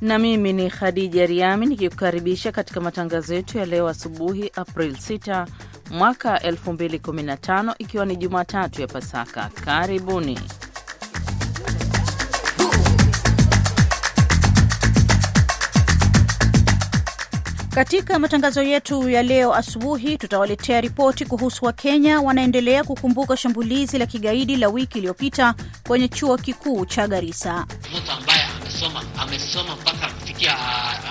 na mimi ni Khadija Riami nikikukaribisha katika matangazo yetu ya leo asubuhi, April 6 mwaka 2015, ikiwa ni Jumatatu ya Pasaka. Karibuni. Katika matangazo yetu ya leo asubuhi tutawaletea ripoti kuhusu Wakenya wanaendelea kukumbuka shambulizi la kigaidi la wiki iliyopita kwenye chuo kikuu cha Garissa amesoma amesoma mpaka amefikia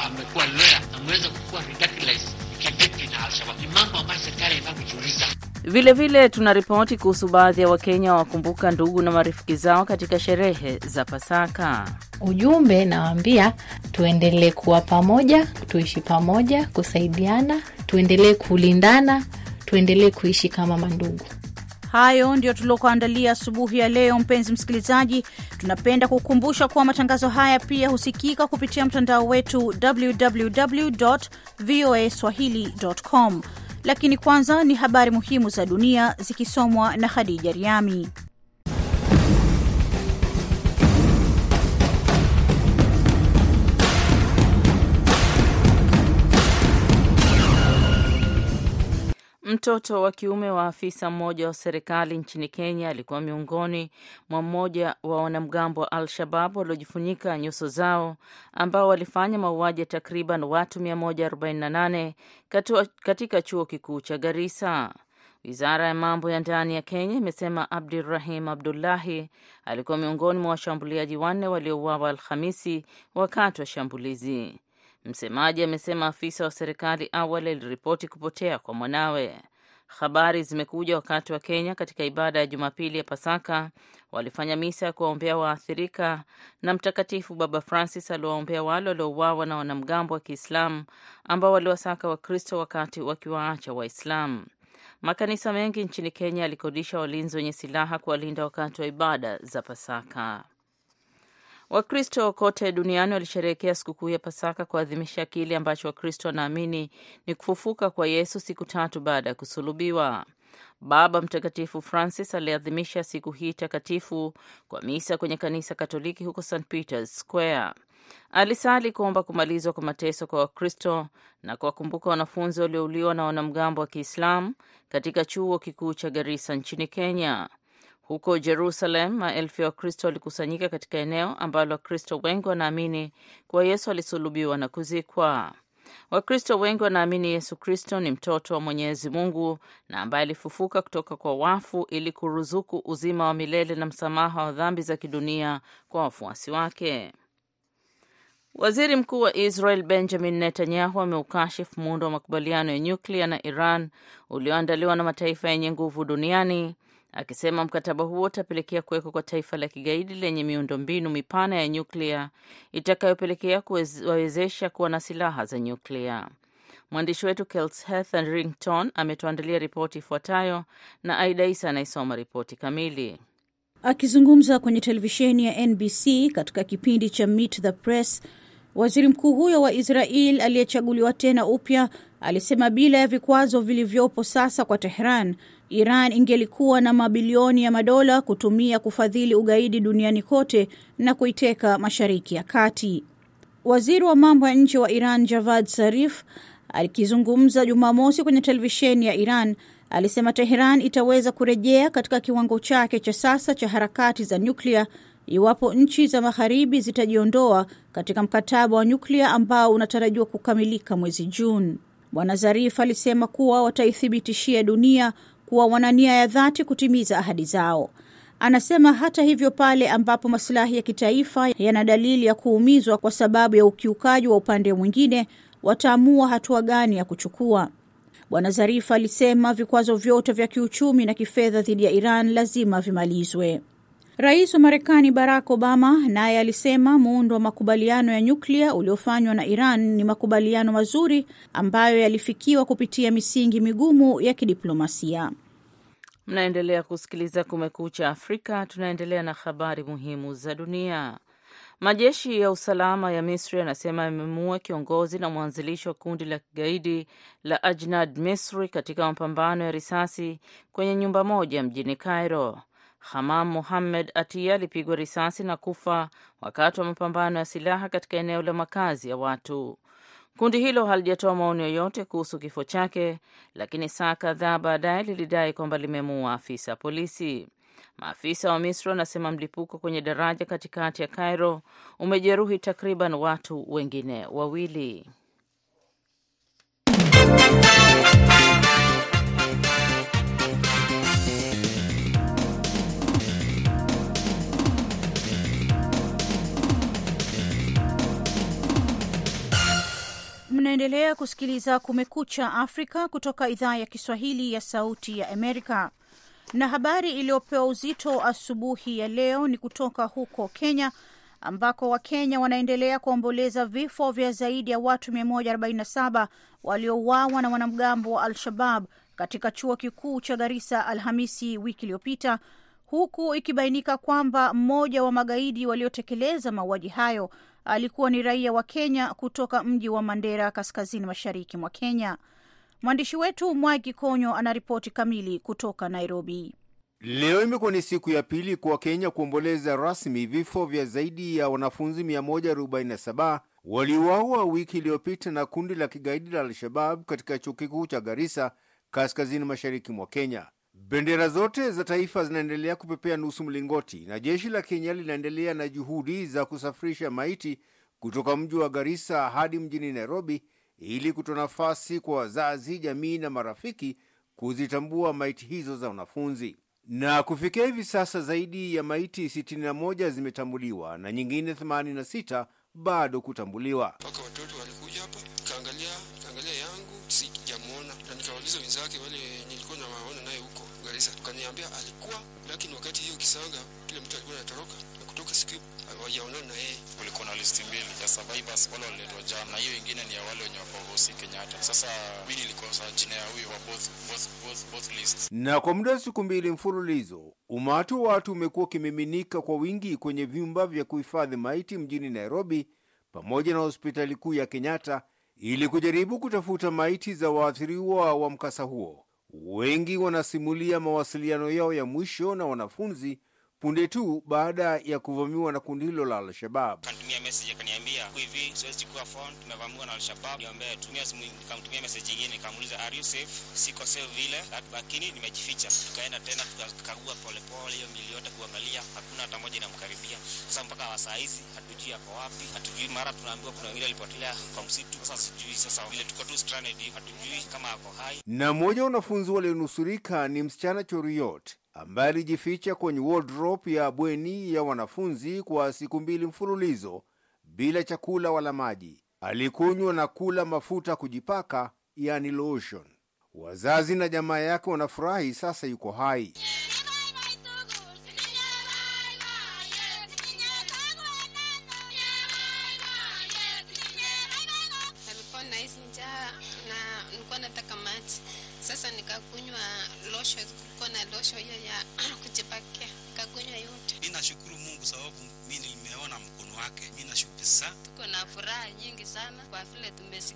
amekuwa lawyer, ameweza kukuwa radicalized kivipi na Alshabab? Ni mambo ambayo serikali inafaa kujiuliza. Vilevile tuna ripoti kuhusu baadhi ya Wakenya wakumbuka ndugu na marafiki zao katika sherehe za Pasaka. Ujumbe nawaambia, tuendelee kuwa pamoja, tuishi pamoja, kusaidiana, tuendelee kulindana, tuendelee kuishi kama mandugu. Hayo ndio tuliokuandalia asubuhi ya leo. Mpenzi msikilizaji, tunapenda kukumbusha kuwa matangazo haya pia husikika kupitia mtandao wetu www voa swahili.com. Lakini kwanza ni habari muhimu za dunia zikisomwa na Khadija Riami. Mtoto wa kiume wa afisa mmoja wa serikali nchini Kenya alikuwa miongoni mwa mmoja wa wanamgambo wa Al-Shabab waliojifunyika nyuso zao ambao walifanya mauaji ya takriban watu 148 katika chuo kikuu cha Garissa. Wizara ya mambo ya ndani ya Kenya imesema Abdurahim Abdullahi alikuwa miongoni mwa washambuliaji wanne waliouawa Alhamisi wakati wa shambulizi. Msemaji amesema afisa wa serikali awali aliripoti kupotea kwa mwanawe. Habari zimekuja wakati wa Kenya katika ibada ya Jumapili ya Pasaka walifanya misa ya kuwaombea waathirika, na Mtakatifu Baba Francis aliwaombea wale waliouawa na wanamgambo wa Kiislamu ambao waliwasaka Wakristo wakati wakiwaacha Waislamu. Makanisa mengi nchini Kenya yalikodisha walinzi wenye silaha kuwalinda wakati wa ibada za Pasaka. Wakristo kote duniani walisherehekea sikukuu ya Pasaka kuadhimisha kile ambacho Wakristo wanaamini ni kufufuka kwa Yesu siku tatu baada ya kusulubiwa. Baba Mtakatifu Francis aliadhimisha siku hii takatifu kwa misa kwenye kanisa Katoliki huko St Peter's Square. Alisali kuomba kumalizwa kwa mateso kwa Wakristo na kuwakumbuka wanafunzi waliouliwa na wanamgambo wa Kiislamu katika chuo kikuu cha Garissa nchini Kenya. Huko Jerusalem, maelfu ya Wakristo walikusanyika katika eneo ambalo Wakristo wengi wanaamini kuwa Yesu alisulubiwa na kuzikwa. Wakristo wengi wanaamini Yesu Kristo ni mtoto wa Mwenyezi Mungu na ambaye alifufuka kutoka kwa wafu ili kuruzuku uzima wa milele na msamaha wa dhambi za kidunia kwa wafuasi wake. Waziri Mkuu wa Israel Benjamin Netanyahu ameukashifu muundo wa makubaliano ya nyuklia na Iran ulioandaliwa na mataifa yenye nguvu duniani akisema mkataba huo utapelekea kuwekwa kwa taifa la kigaidi lenye miundo mbinu mipana ya nyuklia itakayopelekea kuwawezesha kuwa na silaha za nyuklia. Mwandishi wetu Kels rington ametuandalia ripoti ifuatayo na Aida Isa anayesoma ripoti kamili. Akizungumza kwenye televisheni ya NBC katika kipindi cha Meet the Press, waziri mkuu huyo wa Israel aliyechaguliwa tena upya alisema bila ya vikwazo vilivyopo sasa kwa Tehran Iran ingelikuwa na mabilioni ya madola kutumia kufadhili ugaidi duniani kote na kuiteka Mashariki ya Kati. Waziri wa mambo ya nje wa Iran Javad Zarif akizungumza Jumamosi kwenye televisheni ya Iran alisema Teheran itaweza kurejea katika kiwango chake cha sasa cha harakati za nyuklia iwapo nchi za magharibi zitajiondoa katika mkataba wa nyuklia ambao unatarajiwa kukamilika mwezi Juni. Bwana Zarif alisema kuwa wataithibitishia dunia kuwa wana nia ya dhati kutimiza ahadi zao. Anasema hata hivyo, pale ambapo masilahi ya kitaifa yana dalili ya kuumizwa kwa sababu ya ukiukaji wa upande mwingine, wataamua hatua gani ya kuchukua. Bwana Zarifa alisema vikwazo vyote vya kiuchumi na kifedha dhidi ya Iran lazima vimalizwe. Rais wa Marekani Barack Obama naye alisema muundo wa makubaliano ya nyuklia uliofanywa na Iran ni makubaliano mazuri ambayo yalifikiwa kupitia misingi migumu ya kidiplomasia. Mnaendelea kusikiliza Kumekucha Afrika. Tunaendelea na habari muhimu za dunia. Majeshi ya usalama ya Misri yanasema yamemuua kiongozi na mwanzilishi wa kundi la kigaidi la Ajnad Misri katika mapambano ya risasi kwenye nyumba moja mjini Cairo. Hamam muhammed Atia alipigwa risasi na kufa wakati wa mapambano ya silaha katika eneo la makazi ya watu. Kundi hilo halijatoa maoni yoyote kuhusu kifo chake, lakini saa kadhaa baadaye lilidai kwamba limemuua afisa polisi. Maafisa wa Misri wanasema mlipuko kwenye daraja katikati ya Cairo umejeruhi takriban watu wengine wawili. Mnaendelea kusikiliza Kumekucha Afrika kutoka idhaa ya Kiswahili ya Sauti ya Amerika, na habari iliyopewa uzito asubuhi ya leo ni kutoka huko Kenya ambako Wakenya wanaendelea kuomboleza vifo vya zaidi ya watu 147 waliouawa na wanamgambo wa Al-Shabab katika chuo kikuu cha Garissa Alhamisi wiki iliyopita, huku ikibainika kwamba mmoja wa magaidi waliotekeleza mauaji hayo alikuwa ni raia wa Kenya kutoka mji wa Mandera, kaskazini mashariki mwa Kenya. Mwandishi wetu Mwangi Konyo anaripoti kamili kutoka Nairobi. Leo imekuwa ni siku ya pili kwa Kenya kuomboleza rasmi vifo vya zaidi ya wanafunzi 147 waliuawa wiki iliyopita na kundi la kigaidi la Al-Shabab katika chuo kikuu cha Garissa kaskazini mashariki mwa Kenya. Bendera zote za taifa zinaendelea kupepea nusu mlingoti na jeshi la Kenya linaendelea na juhudi za kusafirisha maiti kutoka mji wa Garissa hadi mjini Nairobi ili kutoa nafasi kwa wazazi, jamii na marafiki kuzitambua maiti hizo za wanafunzi. Na kufikia hivi sasa zaidi ya maiti 61 zimetambuliwa na nyingine 86 bado kutambuliwa. Mpaka watoto walikuja hapa, yangu, sijamwona, na nikawauliza wenzake wale nilikuwa nawaona naye huko Garissa. Kaniambia alikuwa lakini wakati hiyo kisaga, kile mtu alikuwa anatoroka na kutoka skip hawajaonana na yeye. Kulikuwa na listi mbili ya survivors wale waliletwa jana na hiyo ingine ni ya wale wenye wako Hosi Kenyatta. Sasa mimi nilikosa jina ya huyo wa both, both, both, both lists. Na kwa muda wa siku mbili mfululizo umati wa watu umekuwa ukimiminika kwa wingi kwenye vyumba vya kuhifadhi maiti mjini Nairobi pamoja na hospitali kuu ya Kenyatta ili kujaribu kutafuta maiti za waathiriwa wa mkasa huo. Wengi wanasimulia mawasiliano yao ya mwisho na wanafunzi punde tu baada ya kuvamiwa na kundi hilo la Al-Shabab. Kanitumia message akaniambia hivi, siwezi phone, tumevamiwa na Al-Shabab, tumia simu. Nikamtumia nikamuuliza are you safe? Siko safe vile, lakini nimejificha. Tukaenda tena tukakagua polepole hiyo mili yote kuangalia, hakuna hata mmoja inamkaribia. Sasa mpaka wa hizi hatujui ako wapi, hatujui. Mara tunaambiwa kuna wengine walipotelea kwa msitu. Sasa sijui, sasa vile tuko tu stranded, hatujui kama ako hai. Na mmoja wanafunzi walionusurika ni msichana Choriot ambaye alijificha kwenye wardrobe ya bweni ya wanafunzi kwa siku mbili mfululizo bila chakula wala maji. Alikunywa na kula mafuta kujipaka, yani lotion. Wazazi na jamaa yake wanafurahi sasa yuko hai.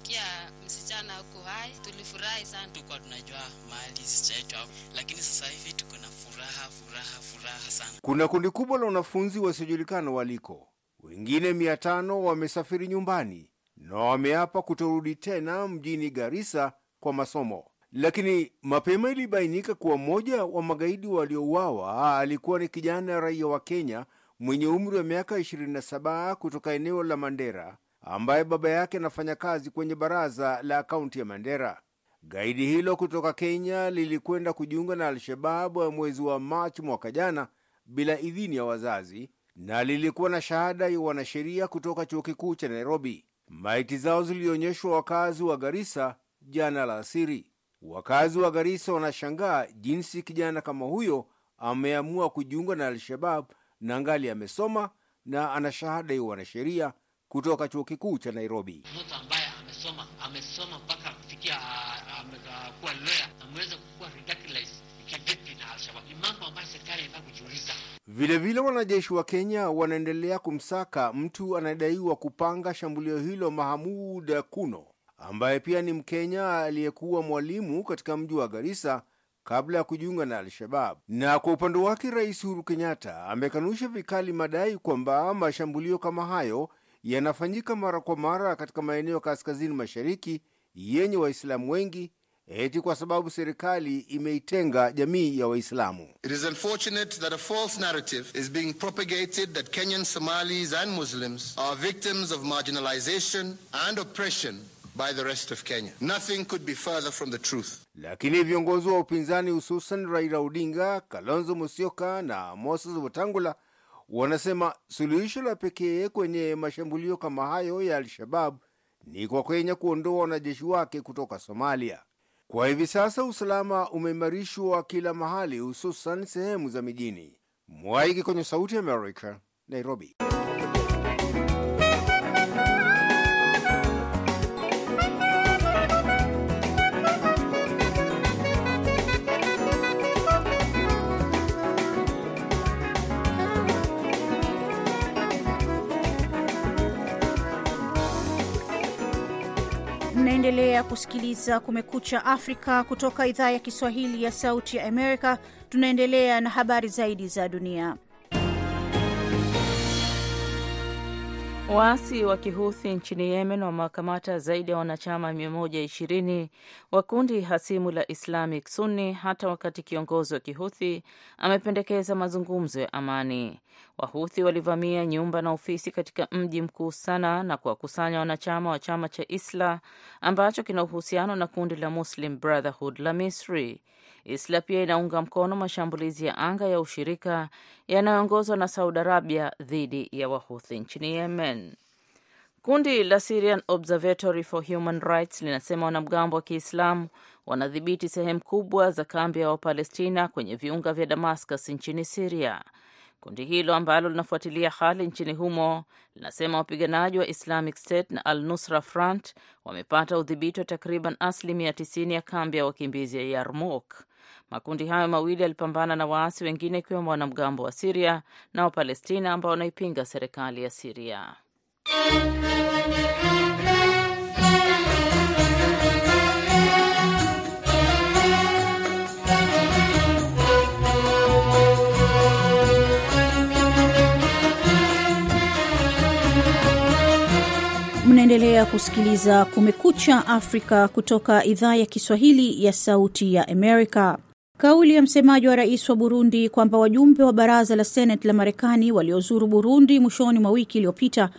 tuliposikia msichana ako hai tulifurahi sana. Tulikuwa tunajua mali chetu, lakini sasa hivi tuko na furaha furaha furaha sana. Kuna kundi kubwa la wanafunzi wasiojulikana waliko, wengine mia tano wamesafiri nyumbani na wameapa kutorudi tena mjini Garissa kwa masomo. Lakini mapema ilibainika kuwa mmoja wa magaidi waliouawa alikuwa ni kijana raia wa Kenya mwenye umri wa miaka 27 kutoka eneo la Mandera ambaye baba yake anafanya kazi kwenye baraza la kaunti ya Mandera. Gaidi hilo kutoka Kenya lilikwenda kujiunga na Al-Shabab mwezi wa Machi mwaka jana bila idhini ya wazazi na lilikuwa na shahada ya wanasheria kutoka chuo kikuu cha Nairobi. Maiti zao zilionyeshwa wakazi wa Garisa jana la asiri Wakazi wa Garisa wanashangaa jinsi kijana kama huyo ameamua kujiunga na Al-Shabab na ngali amesoma na ana shahada ya wanasheria kutoka chuo kikuu cha Nairobi. Mtu ambaye amesoma amesoma mpaka kufikia amekuwa lawyer ameweza kukuwa radicalized kivipi na Alshabab? Ni mambo ambayo serikali inafaa kujiuliza. Vilevile wanajeshi wa Kenya wanaendelea kumsaka mtu anayedaiwa kupanga shambulio hilo, Mahamud Kuno, ambaye pia ni Mkenya aliyekuwa mwalimu katika mji wa Garissa kabla ya kujiunga na Al-Shabab. Na kwa upande wake, Rais Uhuru Kenyatta amekanusha vikali madai kwamba mashambulio kama hayo yanafanyika mara kwa mara katika maeneo kaskazini mashariki yenye Waislamu wengi eti kwa sababu serikali imeitenga jamii ya Waislamu. It is unfortunate that a false narrative is being propagated that Kenyan Somalis and Muslims are victims of marginalization and oppression by the rest of Kenya. Nothing could be further from the truth. Lakini viongozi wa upinzani hususan Raila Odinga, Kalonzo Musyoka na Moses Wetangula wanasema suluhisho la pekee kwenye mashambulio kama hayo ya Al-Shabab ni kwa Kenya kuondoa wanajeshi wake kutoka Somalia. Kwa hivi sasa usalama umeimarishwa kila mahali, hususan sehemu za mijini. Mwaiki kwenye Sauti ya America, Nairobi. Unaendelea kusikiliza Kumekucha Afrika kutoka idhaa ya Kiswahili ya Sauti ya Amerika. Tunaendelea na habari zaidi za dunia. Waasi wa Kihuthi nchini Yemen wamewakamata zaidi ya wanachama 120 wa kundi hasimu la Islamic Sunni hata wakati kiongozi wa Kihuthi amependekeza mazungumzo ya amani. Wahuthi walivamia nyumba na ofisi katika mji mkuu Sana na kuwakusanya wanachama wa chama cha Isla ambacho kina uhusiano na kundi la Muslim Brotherhood la Misri. Isla pia inaunga mkono mashambulizi ya anga ya ushirika yanayoongozwa na Saudi Arabia dhidi ya Wahuthi nchini Yemen. Kundi la Syrian Observatory for Human Rights linasema wanamgambo wa Kiislamu wanadhibiti sehemu kubwa za kambi ya Wapalestina kwenye viunga vya Damascus nchini siria Kundi hilo ambalo linafuatilia hali nchini humo linasema wapiganaji wa Islamic State na Al-Nusra Front wamepata udhibiti wa takriban asilimia 90 ya kambi ya wakimbizi ya Yarmouk. Makundi hayo mawili yalipambana na waasi wengine ikiwemo wanamgambo wa Siria na Wapalestina ambao wanaipinga serikali ya Siria. Unaendelea kusikiliza Kumekucha Afrika kutoka idhaa ya Kiswahili ya Sauti ya Amerika. Kauli ya msemaji wa rais wa Burundi kwamba wajumbe wa baraza la Seneti la Marekani waliozuru Burundi mwishoni mwa wiki iliyopita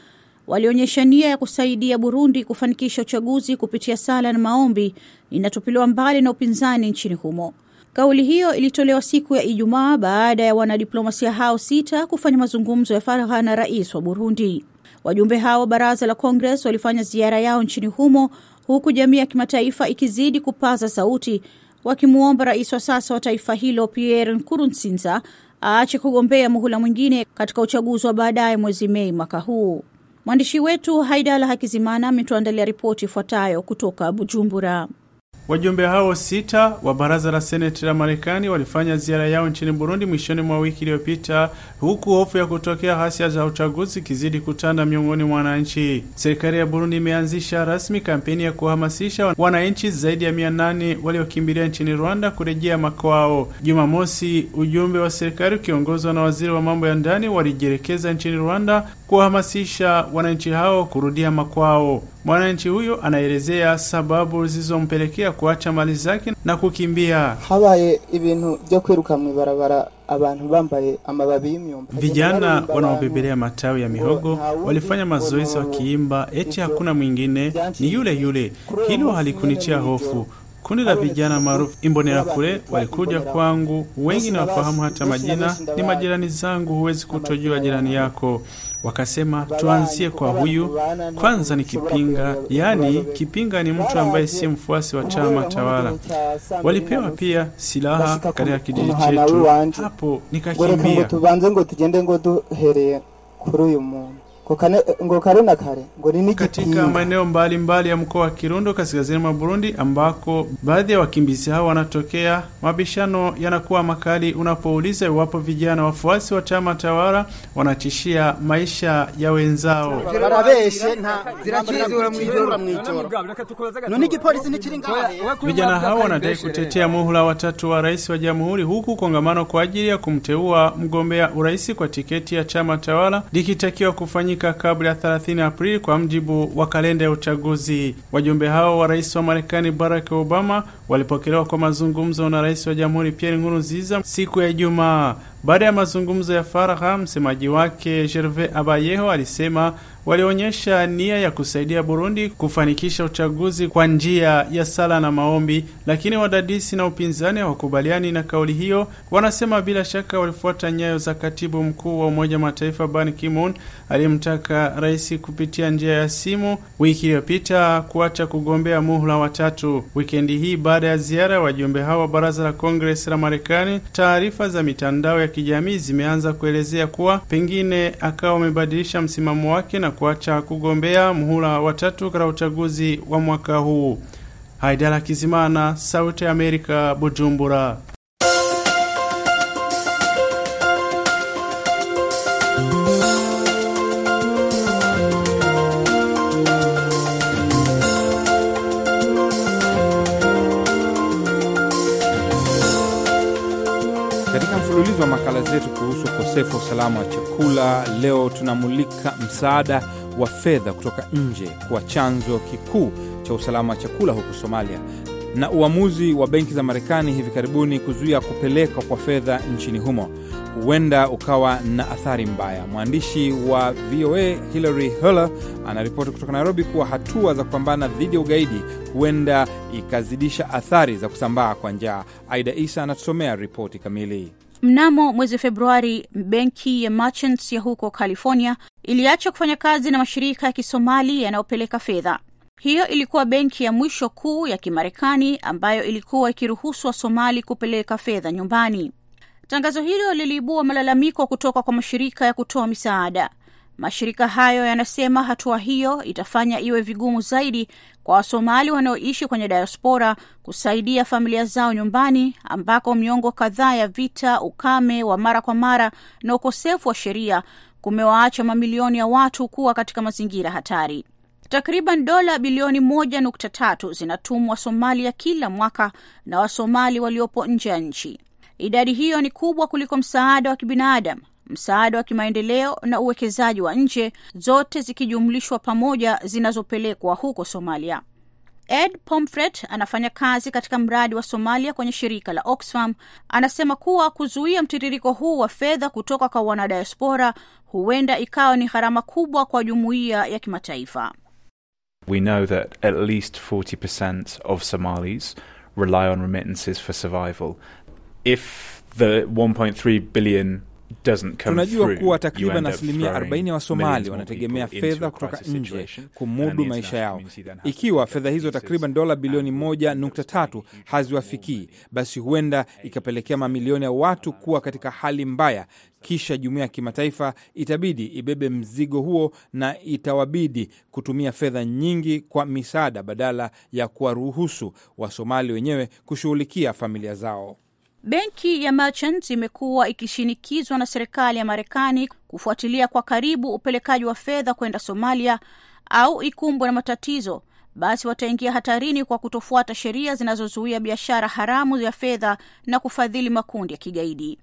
walionyesha nia ya kusaidia Burundi kufanikisha uchaguzi kupitia sala na maombi inatupiliwa mbali na upinzani nchini humo. Kauli hiyo ilitolewa siku ya Ijumaa baada ya wanadiplomasia hao sita kufanya mazungumzo ya faragha na rais wa Burundi. Wajumbe hao wa baraza la Kongres walifanya ziara yao nchini humo huku jamii ya kimataifa ikizidi kupaza sauti wakimwomba rais wa sasa wa taifa hilo Pierre Nkurunziza aache kugombea muhula mwingine katika uchaguzi wa baadaye mwezi Mei mwaka huu. Mwandishi wetu Haidala Hakizimana ametuandalia ripoti ifuatayo kutoka Bujumbura. Wajumbe hao sita wa baraza la seneti la Marekani walifanya ziara yao nchini Burundi mwishoni mwa wiki iliyopita, huku hofu ya kutokea ghasia za uchaguzi ikizidi kutanda miongoni mwa wananchi. Serikali ya Burundi imeanzisha rasmi kampeni ya kuhamasisha wananchi zaidi ya mia nane waliokimbilia nchini Rwanda kurejea makwao. Jumamosi, ujumbe wa serikali ukiongozwa na waziri wa mambo ya ndani walijielekeza nchini Rwanda kuwahamasisha wananchi hao kurudia makwao. Mwananchi huyo anaelezea sababu zilizompelekea kuacha mali zake na kukimbia. habaye ibintu byo kwiruka mwibarabara abantu bambaye amababi y'imyumba. Vijana wanaobebelea matawi ya mihogo walifanya mazoezi wakiimba, eti hakuna mwingine ni yule yule. Hilo halikunitia hofu. Kundi la vijana maarufu kule walikuja kwangu, wengi nawafahamu hata majina, ni majirani zangu, huwezi kutojua jirani yako. Wakasema tuanzie kwa huyu kwanza. Ni Kipinga, yaani Kipinga ni mtu ambaye si mfuasi wa chama tawala. Walipewa pia silaha katika kijiji chetu, hapo nikakimbia. tubanze ngo ngo kuri uyu muntu ngo kare na kare ngo ni katika maeneo mbalimbali ya mkoa wa Kirundo kaskazini mwa Burundi, ambako baadhi ya wakimbizi hao wanatokea, mabishano yanakuwa makali unapouliza iwapo vijana wafuasi wa chama tawala wanatishia maisha ya wenzao. Vijana hao wanadai kutetea muhula watatu wa rais wa jamhuri, huku kongamano kwa ajili ya kumteua mgombea urais kwa tiketi ya chama tawala likitakiwa kufanyika kufanyika kabla ya 30 Aprili kwa mjibu wa kalenda ya uchaguzi. Wajumbe hao wa rais wa Marekani Barack Obama walipokelewa kwa mazungumzo na rais wa jamhuri Pierre Nkurunziza siku ya Ijumaa. Baada ya mazungumzo ya faragha, msemaji wake Gerve Abayeho alisema walionyesha nia ya kusaidia Burundi kufanikisha uchaguzi kwa njia ya sala na maombi, lakini wadadisi na upinzani hawakubaliani na kauli hiyo. Wanasema bila shaka walifuata nyayo za katibu mkuu wa Umoja Mataifa Ban Ki-moon aliyemtaka rais kupitia njia ya simu wiki iliyopita kuacha kugombea muhula watatu. Wikendi hii baada ya ziara ya wajumbe hao wa baraza la Kongres la Marekani, taarifa za mitandao ya ya kijamii zimeanza kuelezea kuwa pengine akawa amebadilisha msimamo wake na kuacha kugombea muhula watatu katika uchaguzi wa mwaka huu. Haidara Kizimana, Sauti ya Amerika, Bujumbura. makala zetu kuhusu ukosefu wa usalama wa chakula. Leo tunamulika msaada wa fedha kutoka nje kwa chanzo kikuu cha usalama wa chakula huko Somalia na uamuzi wa benki za Marekani hivi karibuni kuzuia kupelekwa kwa fedha nchini humo huenda ukawa na athari mbaya. Mwandishi wa VOA Hilary Heller anaripoti kutoka Nairobi kuwa hatua za kupambana dhidi ya ugaidi huenda ikazidisha athari za kusambaa kwa njaa. Aida Isa anatusomea ripoti kamili. Mnamo mwezi Februari, benki ya Merchants ya huko California iliacha kufanya kazi na mashirika ya Kisomali yanayopeleka fedha. Hiyo ilikuwa benki ya mwisho kuu ya Kimarekani ambayo ilikuwa ikiruhusu Wasomali kupeleka fedha nyumbani. Tangazo hilo liliibua malalamiko kutoka kwa mashirika ya kutoa misaada. Mashirika hayo yanasema hatua hiyo itafanya iwe vigumu zaidi kwa Wasomali wanaoishi kwenye diaspora kusaidia familia zao nyumbani ambako miongo kadhaa ya vita, ukame wa mara kwa mara na ukosefu wa sheria kumewaacha mamilioni ya watu kuwa katika mazingira hatari. Takriban dola bilioni moja nukta tatu zinatumwa Somalia kila mwaka na Wasomali waliopo nje ya nchi. Idadi hiyo ni kubwa kuliko msaada wa kibinadamu msaada wa kimaendeleo na uwekezaji wa nje, zote zikijumlishwa pamoja zinazopelekwa huko Somalia. Ed Pomfret anafanya kazi katika mradi wa Somalia kwenye shirika la Oxfam. Anasema kuwa kuzuia mtiririko huu wa fedha kutoka kwa wanadiaspora huenda ikawa ni gharama kubwa kwa jumuiya ya kimataifa. We know that at least 40% of Somalis rely on remittances for survival. If the 1.3 billion Tunajua kuwa takriban asilimia 40 ya Wasomali wanategemea fedha kutoka nje kumudu maisha yao. Ikiwa fedha hizo takriban dola bilioni 1.3 haziwafikii, basi huenda ikapelekea mamilioni ya watu kuwa katika hali mbaya. Kisha jumuiya ya kimataifa itabidi ibebe mzigo huo na itawabidi kutumia fedha nyingi kwa misaada badala ya kuwaruhusu Wasomali wenyewe kushughulikia familia zao. Benki ya Merchant imekuwa ikishinikizwa na serikali ya Marekani kufuatilia kwa karibu upelekaji wa fedha kwenda Somalia au ikumbwe na matatizo, basi wataingia hatarini kwa kutofuata sheria zinazozuia biashara haramu ya fedha na kufadhili makundi ya kigaidi.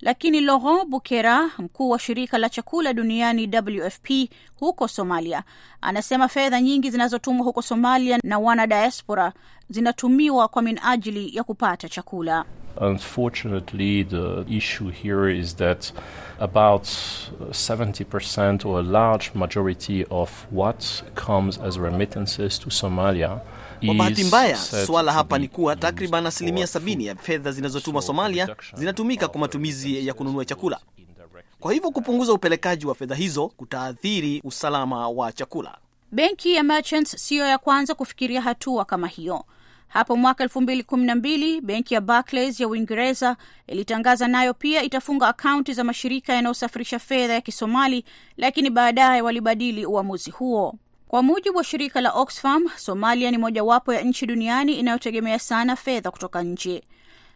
Lakini Laurent Bukera, mkuu wa shirika la chakula duniani WFP huko Somalia, anasema fedha nyingi zinazotumwa huko Somalia na wanadiaspora zinatumiwa kwa minajili ya kupata chakula. Unfortunately, the issue here is that about 70% or a large majority of what comes as remittances to Somalia kwa bahati mbaya, suala hapa ni kuwa takriban asilimia sabini ya fedha zinazotumwa Somalia zinatumika kwa matumizi ya kununua chakula. Kwa hivyo kupunguza upelekaji wa fedha hizo kutaathiri usalama wa chakula. Benki ya Merchants siyo ya kwanza kufikiria hatua kama hiyo. Hapo mwaka elfu mbili kumi na mbili benki ya Barclays ya Uingereza ilitangaza nayo pia itafunga akaunti za mashirika yanayosafirisha fedha ya Kisomali, lakini baadaye walibadili uamuzi huo. Kwa mujibu wa shirika la Oxfam, Somalia ni mojawapo ya nchi duniani inayotegemea sana fedha kutoka nje.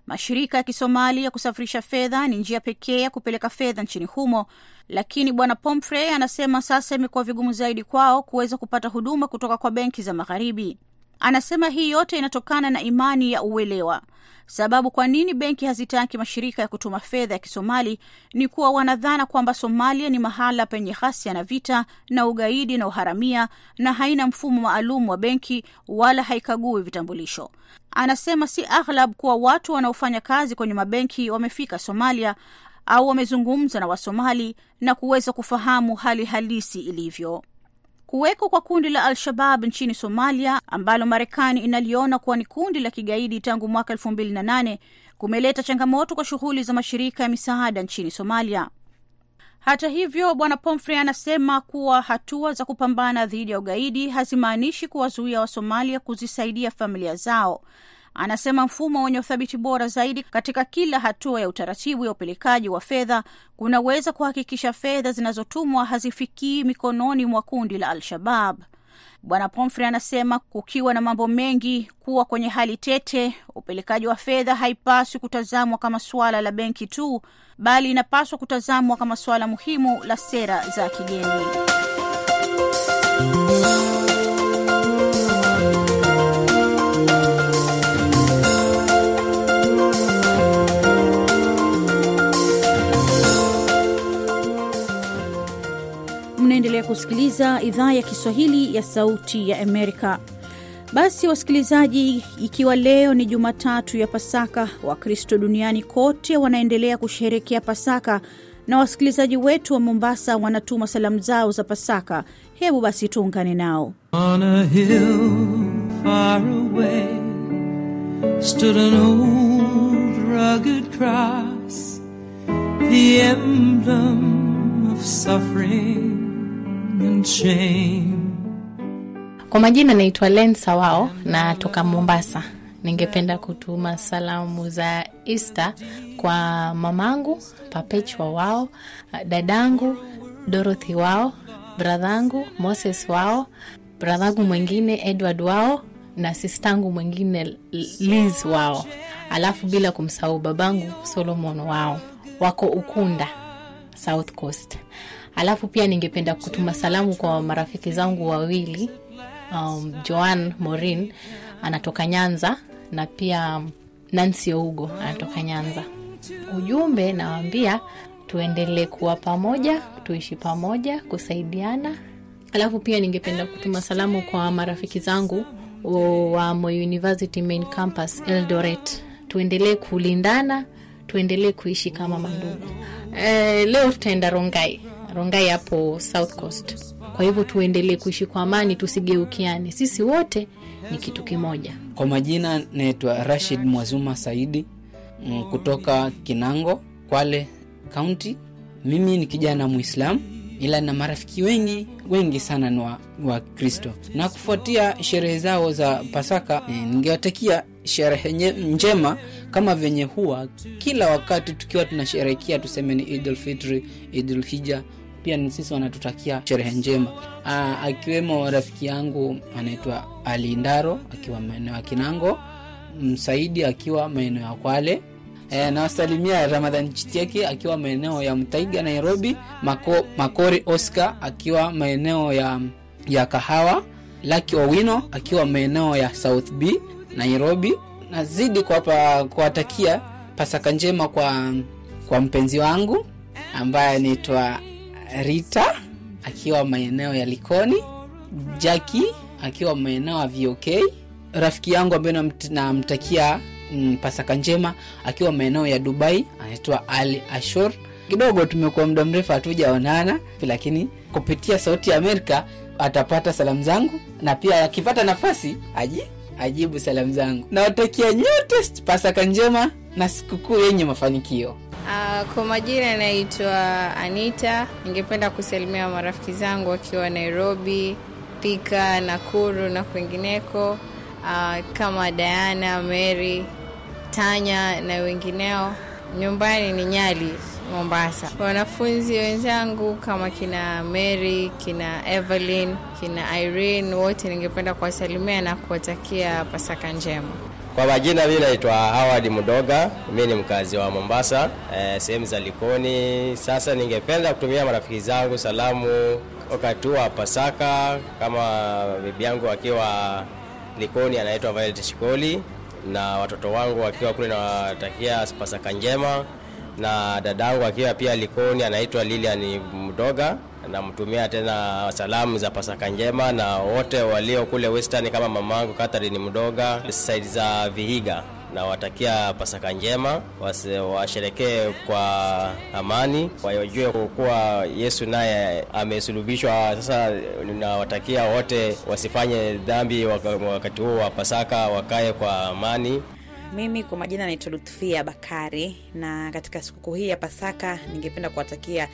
Mashirika ya Kisomali ya kusafirisha fedha ni njia pekee ya kupeleka fedha nchini humo, lakini bwana Pomfrey anasema sasa imekuwa vigumu zaidi kwao kuweza kupata huduma kutoka kwa benki za magharibi. Anasema hii yote inatokana na imani ya uelewa. Sababu kwa nini benki hazitaki mashirika ya kutuma fedha ya Kisomali ni kuwa wanadhana kwamba Somalia ni mahala penye ghasia na vita na ugaidi na uharamia, na haina mfumo maalum wa benki wala haikagui vitambulisho. Anasema si aghlab kuwa watu wanaofanya kazi kwenye mabenki wamefika Somalia au wamezungumza na Wasomali na kuweza kufahamu hali halisi ilivyo. Kuweko kwa kundi la Al-Shabab nchini Somalia ambalo Marekani inaliona kuwa ni kundi la kigaidi tangu mwaka elfu mbili na nane kumeleta changamoto kwa shughuli za mashirika ya misaada nchini Somalia. Hata hivyo, Bwana Pomfrey anasema kuwa hatua za kupambana dhidi ya ugaidi hazimaanishi kuwazuia Wasomalia kuzisaidia familia zao, Anasema mfumo wenye uthabiti bora zaidi katika kila hatua ya utaratibu ya upelekaji wa fedha kunaweza kuhakikisha fedha zinazotumwa hazifikii mikononi mwa kundi la Al-Shabab. Bwana Pomfrey anasema kukiwa na mambo mengi kuwa kwenye hali tete, upelekaji wa fedha haipaswi kutazamwa kama suala la benki tu, bali inapaswa kutazamwa kama suala muhimu la sera za kigeni. kusikiliza idhaa ya Kiswahili ya Sauti ya Amerika. Basi wasikilizaji, ikiwa leo ni Jumatatu ya Pasaka, Wakristo duniani kote wanaendelea kusheherekea Pasaka na wasikilizaji wetu wa Mombasa wanatuma salamu zao za Pasaka. Hebu basi tuungane nao. On a hill far away, stood an old rugged cross, the emblem of suffering kwa majina naitwa Lensa Wao na toka Mombasa. Ningependa kutuma salamu za Easter kwa mamangu Papechwa Wao, dadangu Dorothy Wao, bradhangu Moses Wao, bradhangu mwingine Edward Wao na sistangu mwingine Liz Wao, alafu bila kumsahau babangu Solomon Wao, wako Ukunda South Coast. Alafu pia ningependa kutuma salamu kwa marafiki zangu wawili um, Joan Morin anatoka Nyanza na pia Nancy Ougo anatoka Nyanza. Ujumbe nawambia tuendelee kuwa pamoja, tuishi pamoja, kusaidiana. Alafu pia ningependa kutuma salamu kwa marafiki zangu wa Moi University Main Campus Eldoret. Tuendelee kulindana, tuendelee kuishi kama mandugu. E, leo tutaenda Rongai. Rongai hapo South Coast. Kwa hivyo tuendelee kuishi kwa amani, tusigeukiane, sisi wote ni kitu kimoja. Kwa majina naitwa Rashid Mwazuma Saidi mm, kutoka Kinango, Kwale Kaunti. Mimi ni kijana Muislamu, ila na marafiki wengi wengi sana ni wa Kristo na kufuatia sherehe zao za Pasaka e, ningewatakia sherehe njema kama venye huwa kila wakati tukiwa tunasherehekea, tuseme ni Idul Fitri, Idul Hija pia sisi wanatutakia sherehe njema, ah, akiwemo rafiki yangu anaitwa Alindaro akiwa maeneo ya Kinango, Msaidi akiwa maeneo ya Kwale. E, nawasalimia Ramadhan Chitieki akiwa maeneo ya Mtaiga Nairobi, Mako, Makori Oscar akiwa maeneo ya, ya Kahawa, Laki Owino akiwa maeneo ya South B Nairobi. Nazidi kuwatakia Pasaka njema kwa, kwa mpenzi wangu ambaye anaitwa Rita akiwa maeneo ya Likoni, Jaki akiwa maeneo ya VOK, rafiki yangu ambaye namtakia mm, Pasaka njema akiwa maeneo ya Dubai anaitwa Ali Ashur. Kidogo tumekuwa muda mrefu hatujaonana, lakini kupitia Sauti ya Amerika atapata salamu zangu na pia akipata nafasi aji ajibu salamu zangu. Nawatakia nyote Pasaka njema na sikukuu yenye mafanikio. Uh, kwa majina naitwa Anita. Ningependa kusalimia marafiki zangu wakiwa Nairobi, Thika, Nakuru na kwingineko, uh, kama Diana, Mary, Tanya na wengineo. Nyumbani ni Nyali, Mombasa. Wanafunzi wenzangu kama kina Mary, kina Evelyn, kina Irene, wote ningependa kuwasalimia na kuwatakia Pasaka njema. Kwa majina mimi naitwa Howard Mudoga, mimi ni mkazi wa Mombasa, e, sehemu za Likoni. Sasa ningependa kutumia marafiki zangu salamu wakati wa Pasaka, kama bibi yangu akiwa Likoni anaitwa Violet Shikoli, na watoto wangu wakiwa kule nawatakia Pasaka njema, na dadangu akiwa pia Likoni anaitwa Lilian Mudoga namtumia tena salamu za Pasaka njema na wote walio kule Western kama mamangu Catherine Mdoga side za Vihiga nawatakia Pasaka njema, washerekee kwa amani, wajue kuwa Yesu naye amesulubishwa. Sasa ninawatakia wote wasifanye dhambi wakati huu wa Pasaka, wakae kwa amani. Mimi kwa majina naitwa Lutfia Bakari, na katika sikukuu hii ya Pasaka ningependa kuwatakia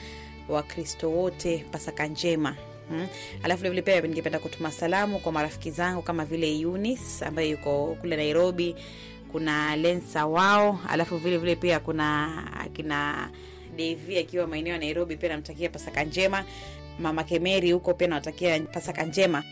Wakristo wote Pasaka njema. Hmm. Alafu vilevile pia ningependa kutuma salamu kwa marafiki zangu kama vile Yunis ambaye yuko kule Nairobi, kuna Lensa wao, alafu vilevile vile pia kuna akina dv akiwa maeneo ya Nairobi, pia namtakia Pasaka njema. Mama Kemeri huko pia nawatakia Pasaka njema.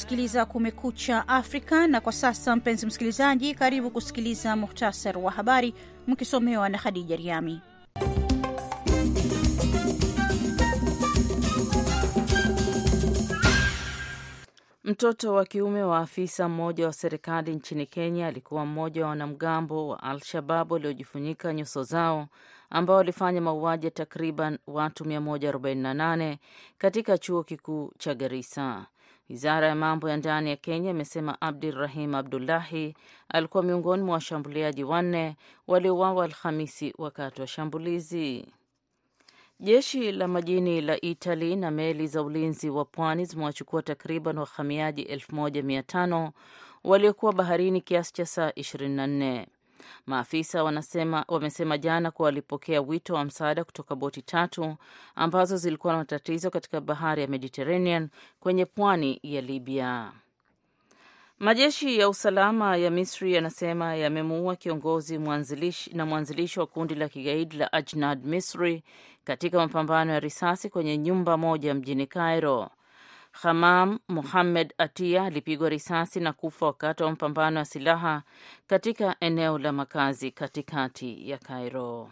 kusikiliza Kumekucha Afrika. Na kwa sasa, mpenzi msikilizaji, karibu kusikiliza muhtasar wa habari mkisomewa na Khadija Riami. Mtoto wa kiume wa afisa mmoja wa serikali nchini Kenya alikuwa mmoja wa wanamgambo wa Al-Shabaab waliojifunyika nyuso zao ambao walifanya mauaji ya takriban watu 148 katika chuo kikuu cha Garissa. Wizara ya mambo ya ndani ya Kenya imesema Rahim Abdullahi alikuwa miongoni mwa washambuliaji wanne waliouawa Alhamisi wakati wa shambulizi. Jeshi la majini la Itali na meli za ulinzi wa pwani zimewachukua takriban wahamiaji 1500 waliokuwa baharini kiasi cha saa 24. Maafisa wanasema, wamesema jana kuwa walipokea wito wa msaada kutoka boti tatu ambazo zilikuwa na matatizo katika bahari ya Mediterranean kwenye pwani ya Libya. Majeshi ya usalama ya Misri yanasema yamemuua kiongozi mwanzilishi na mwanzilishi wa kundi la kigaidi la Ajnad Misri katika mapambano ya risasi kwenye nyumba moja mjini Cairo. Hamam muhamed Atia alipigwa risasi na kufa wakati wa mpambano wa silaha katika eneo la makazi katikati ya cairo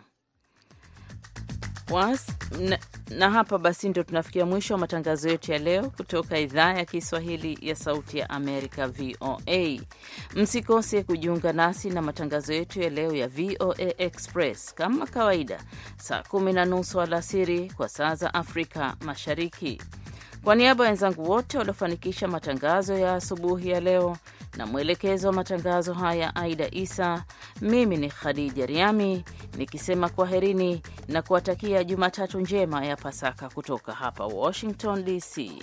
Was, na, na hapa basi ndio tunafikia mwisho wa matangazo yetu ya leo kutoka idhaa ya Kiswahili ya Sauti ya Amerika, VOA. Msikose kujiunga nasi na matangazo yetu ya leo ya VOA Express kama kawaida, saa kumi na nusu alasiri kwa saa za Afrika Mashariki. Kwa niaba ya wenzangu wote waliofanikisha matangazo ya asubuhi ya leo na mwelekezo wa matangazo haya Aida Isa, mimi ni Khadija Riami nikisema kwaherini na kuwatakia Jumatatu njema ya Pasaka kutoka hapa Washington DC.